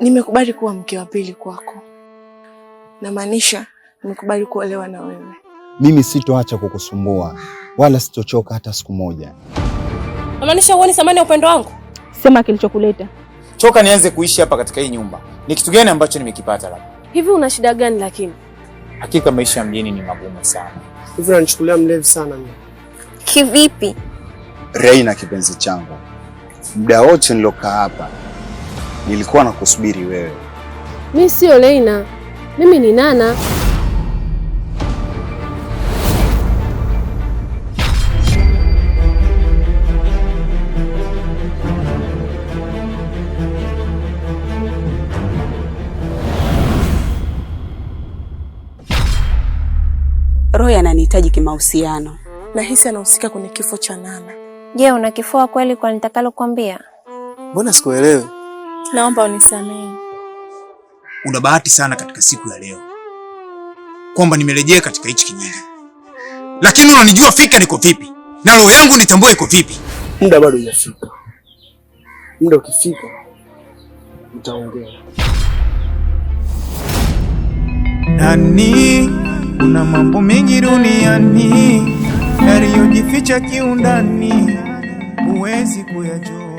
nimekubali kuwa mke wa pili kwako, namaanisha nimekubali kuolewa na wewe. Mimi sitoacha kukusumbua wala sitochoka hata siku moja. Namaanisha huoni thamani ya upendo wangu? Sema kilichokuleta. Toka nianze kuishi hapa katika hii nyumba, ni kitu gani ambacho nimekipata? Labda hivi, una shida gani? Lakini hakika maisha ya mjini ni magumu sana. Hivi unanichukulia mlevi sana mimi? Kivipi? Reina, kipenzi changu, muda wote nilokaa hapa nilikuwa kusubiri wewe. Mi siyo Leina, mimi ni Nana. Roy ananihitaji kimahusiano. Nahisi anahusika kwenye kifo cha Nana. Je, una kifua kweli kwa nitakalokuambia? Mbona sikuelewe? Naomba unisamehe. Una bahati sana katika siku ya leo kwamba nimerejea katika hichi kijiji, lakini unanijua fika niko vipi na roho yangu nitambue iko vipi. Muda bado hujafika. Muda ukifika utaongea. Nani, kuna mambo mengi duniani yaliyojificha kiundani, huwezi kuyajua.